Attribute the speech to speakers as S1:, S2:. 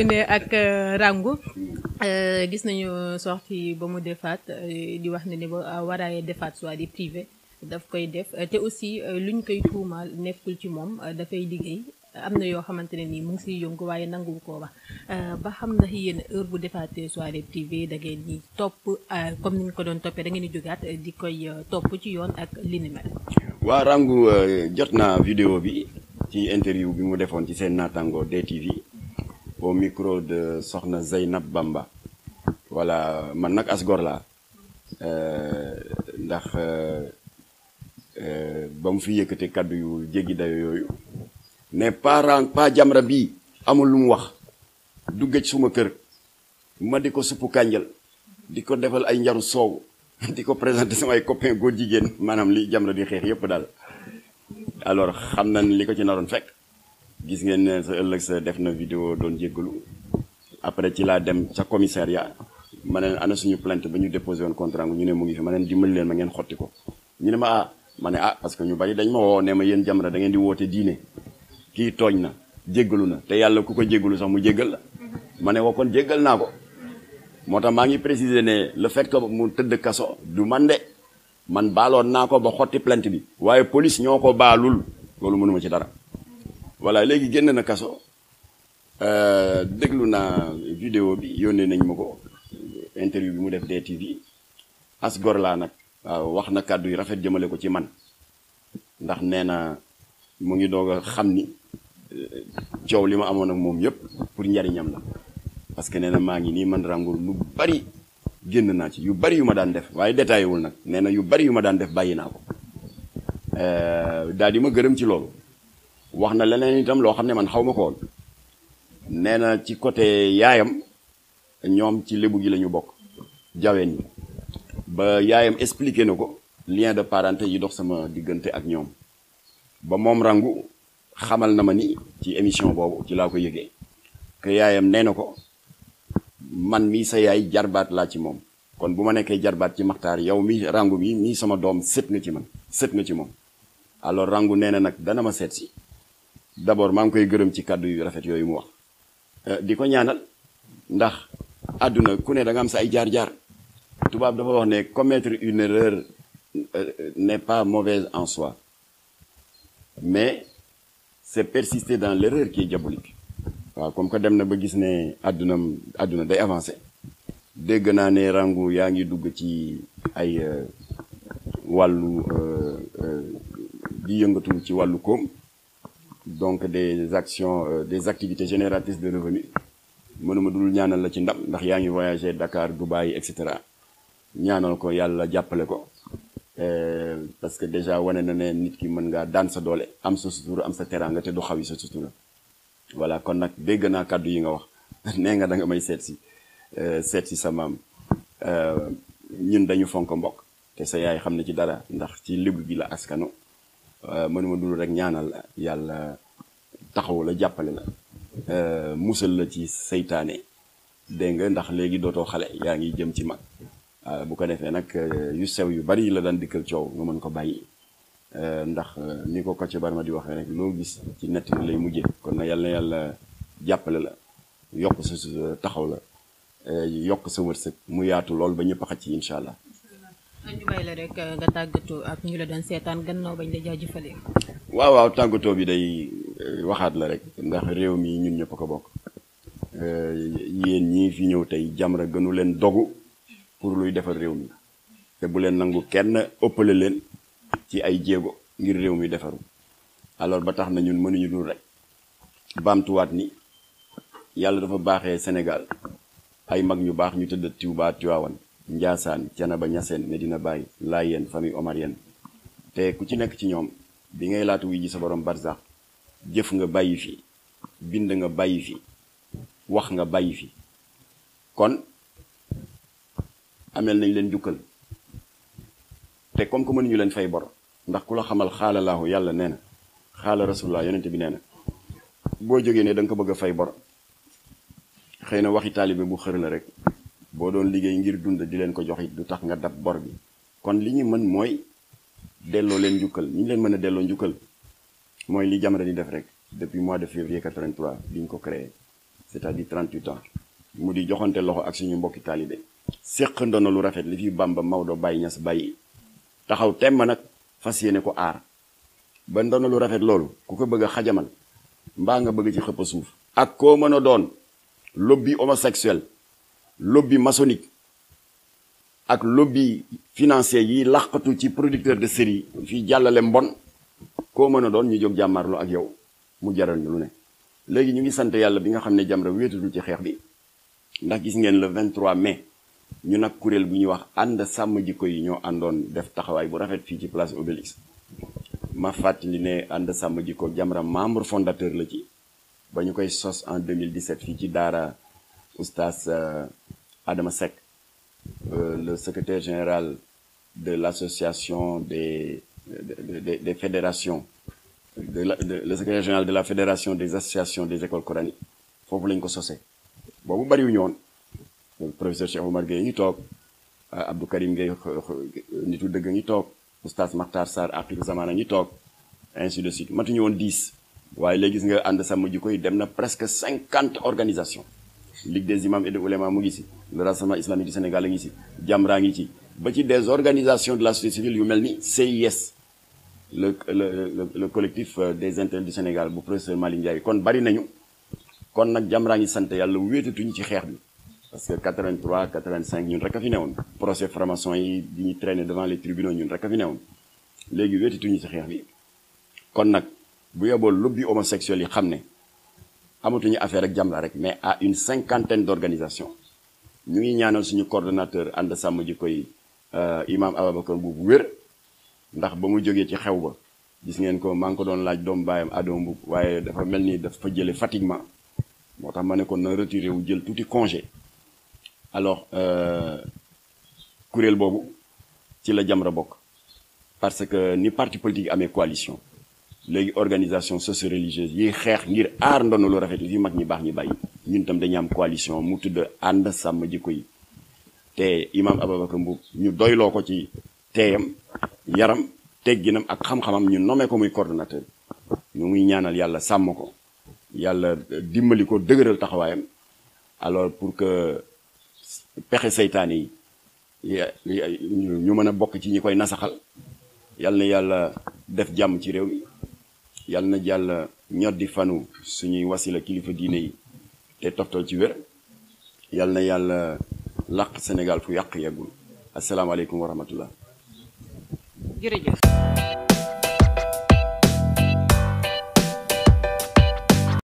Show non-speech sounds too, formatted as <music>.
S1: terminer ak euh, Rangou euh, gis nañu sortie ba mu defaat euh, di wax ne ne waraaye defaat soit di daf koy def te aussi luñ koy tuumaal nekkul ci moom dafay liggéey am na yoo xamante ne nii mu ngi siy yëngu waaye nanguwu ko wax ba xam na yéen heure bu defaatee soirée privée da ngeen di topp comme ni ñu ko doon toppee da ngeen di jógaat di koy topp ci yoon ak li ni mel. waa Rangou jot na vidéo bi ci interview bi mu defoon ci seen naataango DTV. au micro de Soxna Zeynab Bamba voilà man nag asgor gor laa euh, ndax euh, euh, ba mu fi yëkkate kàddu yu jéggi dayo yooyu ne parent pa Jamra bii amul lu mu wax du gëj suma kër ma di ko suppu kànjal di ko defal ay njaru soow <laughs> di ko présenté sama ay copain góor jigéen maanaam li Jamra di xeex yépp daal alors xam na li ko ci naroon fekk gis ngeen ne sa ëllëg sa def na vidéo doon jéggalu après ci laa dem ca ya ma ne ana suñu plainte ba ñu déposé woon contrat ñu ne mu ngi fi ma ne dimbali leen ma ngeen xotti ko ñu ne ma ah ma ne ah parce que ñu bari dañ ma woo nee ma yéen Jamra da ngeen di woote diine kii tooñ na jéggalu na te yàlla ku ko jéggalu sax mu jéggal la ma ne wa kon jéggal naa ko moo tax maa ngi préciser ne le fait que mu tëdd kaso du man de man baaloon naa ko ba xotti plant bi waaye police ñoo ko baalul loolu mënuma ci dara voilà léegi génn na kaso euh, déglu naa vidéo bi yónnee nañ ma ko interview bi mu def DTV as gor laa nag waaw wax na kàddu yu rafet jëmale ko ci man ndax nee na mu ngi doog a xam ni euh, coow li ma amoon ak moom yëpp pour njariñam la parce que nee na maa ngi nii man Rangoor lu bari génn naa ci yu bari yu ma daan def waaye détaillé nag nee na yu bari yu ma daan def bàyyi naa ko euh, daal di ma gërëm ci loolu wax na leneen itam loo xam ne man xaw ma ko woon nee na ci côté yaayam ñoom ci lebu gi lañu bokk jaween ñi ba yaayam expliquer na ko lien de parenté yi dox sama diggante ak ñoom ba moom rangu xamal na ma ni ci émission boobu ci laa ko yëgee que yaayam nee na ko man mii sa yaay jarbaat laa ci moom kon bu ma nekkee jarbaat ci maxtaar yow mi rangu bi mii sama doom sët nga ci man sët nga ci moom alors rangu nee na nag dana ma seet si d'abord maa ngi koy gërëm ci kàddu yu rafet yooyu mu wax euh, di ko ñaanal ndax àdduna ku ne da nga am sa ay jaar-jaar tubaab dafa wax ne commettre une erreur euh, n'est pas mauvaise en soi mais c'est persister dans l'erreur qui est diabolique waaw comme que dem na ba gis ne àddunam àdduna day avancé dégg naa ne rangu yaa ngi dugg ci ay euh, wàllu di yëngatu ci wàllu koom donc des actions euh, des activités génératrices de revenus mënuma dul ñaanal la ci ndam ndax yaa ngi voyager Dakar Dubaï et cetera ñaanal ko yàlla jàppale ko euh, parce que déjà wane na ne nit ki mën ngaa daan sa doole am sa sutura am sa teraanga te du xaw yi sa sutura voilà kon nag dégg naa kàddu yi nga wax <laughs> nee nga danga may seet si euh, seet si sa maam ñun dañu fonk mbokk te sa yaay xam na ci dara ndax ci libre bi la askano Euh, mënuma dul rek ñaanal yàlla taxaw la jàppale la euh, musal la ci seytaane dégg nga ndax léegi dootoo xale yaa ngi jëm ci mag euh, bu ko defee nag yu sew yu bari la daan dikkal coow nga mën ko bàyyi ndax ni ko ko Kocc ma di waxee rek loo gis ci nett lay mujjee kon na yàlla yàlla jàppale la yokk sa taxaw la yokk sa wërsëg mu yaatu lool ba ñëpp xaj ci incha allah Euh, tàggatoo ak ñu la doon seetaan gannaaw bañ waaw waaw tàggatoo bi day euh, waxaat la rek ndax réew mii ñun ñëpp ko bokk euh, yéen ñii fi ñëw tey Jamra gënu leen dogu pour luy defar réew mi te bu leen nangu kenn ëppale leen ci ay jéego ngir réew mi defaru alors ba tax na ñun mënuñu dul rek baamtuwaat ni yàlla dafa baaxee senegal ay mag ñu baax ñu tëdd Touba Tivaouane Njaasaan Canaba Ñaseen bàyyi laa Laayeen famille Omarienne te ku ci nekk ci ñoom bi ngay laatu wi ji sa borom barsax jëf nga bàyyi fii bind nga bàyyi fii wax nga bàyyi fi kon ameel nañ leen jukkal te comme que mënuñu leen fay boro ndax ku la xamal xaala laahu yàlla nee na xaala rasulullah yonent bi nee na boo jógee ne danga ko bëgg a fay boro xëy na waxi taalibe bu xër la rek boo doon liggéey ngir dund di leen ko jox it du tax nga dab bor bi kon li ñu mën mooy delloo leen njukkal ni ñu leen mën a delloo njukkal mooy li Jamra di def rek depuis mois de février 83 bi ñu ko créé c'est-à-dire 38 ans mu di joxante loxo ak suñu mbokki taalibe séq ndono lu rafet li fi Bamba Maodo Baye Niass Baye taxaw temm nag fas yéene ko aar ba ndono lu rafet loolu ku ko bëgg xajamal mbaa nga bëgg ci xëpp suuf ak koo mën a doon lobby homosexuel lobby maçonnique ak lobby financier yi làqatu ci producteur de série fii jàllale mbon koo mën a doon ñu jog jàmmarlu ak yow mu jaral ñu lu ne léegi ñu ngi sant yàlla bi nga xam ne Jamra wéetatul ci xeex bi ndax gis ngeen le 23 mais ñu nag kuréel bu ñuy wax ànd sàmm jikko yi ñoo àndoon def taxawaay bu rafet fii ci place Obélix ma fàttali ne ànd sàmm jikko Jamra membre fondateur la ci ba ñu koy sos en 2017 fii ci daara oustaz euh, Adama Seck euh, le secretaire général de l'association des des, des des fédérations de la de, le secrétaire général de la fédération des associations de écoles coraniques foofu lañ ko sose boobu bariwuñu woon professeur Cheikh Oumar Gueye ngi toog Abdou Karim Gueye nitu dëgg ngi toog oustaz Makhtar Sarr Akhirou Zamana ngi toog ainsi de suite matuñu woon dix waaye léegi gis nga ànd sàmm jikko koy dem na presque cinquante organisations ligue des imams et de oulémas mu ngi si le rassemblement islamique du Sénégal a ngi si Jamra ngi ci ba ci des organisations de la société civile yu mel ni CIS le le le collectif euh, des intellectuels du Sénégal bu professeur Malick Ndiaye kon bari nañu kon nag Jamra ngi sant yàlla wéetatuñu ci xeex bi parce que 83 85 ñun rek a fi newoon procès franc-maçon yi di ñu traîner devant les tribunaux ñun rek a fi newoon léegi wéetatuñu xeex bi kon nag bu yeboo lobby homosexuel yi xam ne. amatuñu affaire ak Jamra rek mais à une cinquantaine d'organisations ñu ngi ñaanal suñu coordonnateur ànd sàmm ji koy euh, imam Ababacar Mbuub wér ndax ba mu jógee ci xew ba gis ngeen ko maa ngi ko doon laaj doom baayam Ado Mbuub waaye dafa mel ni dafa jële fatiguement moo tax ma ne ko na retiré wu jël tuuti congé alors euh, kuréel boobu ci la Jamra bokk parce que ni parti politique amee coalition léegi organisation socio-religieuse yiy xeex ngir aar ndono lu rafet yi mag ñi baax ñi bàyyi ñun tam dañu am coalition mu tudd ànd sàmm jikko yi te imam Ababacar Mbuub ñu doyloo ko ci teeyam yaram tegginam ak xam-xamam ñu nomee ko muy coordonnateur ñu muy ñaanal yàlla sàmm ko yàlla dimbali ko dëgëral taxawaayam alors pour que pexe seytaane yi ñu mën a bokk ci ñu koy nasaxal yàlla na yàlla def jàmm ci réew mi yàlla na jàll ñoddi fanu suñuy wasila kilifa diine yi te toftal ci wér yàlla na yàlla làq Sénégal fu yàq yeggul asalaamaaleykum wa rahmatullah jërëjëf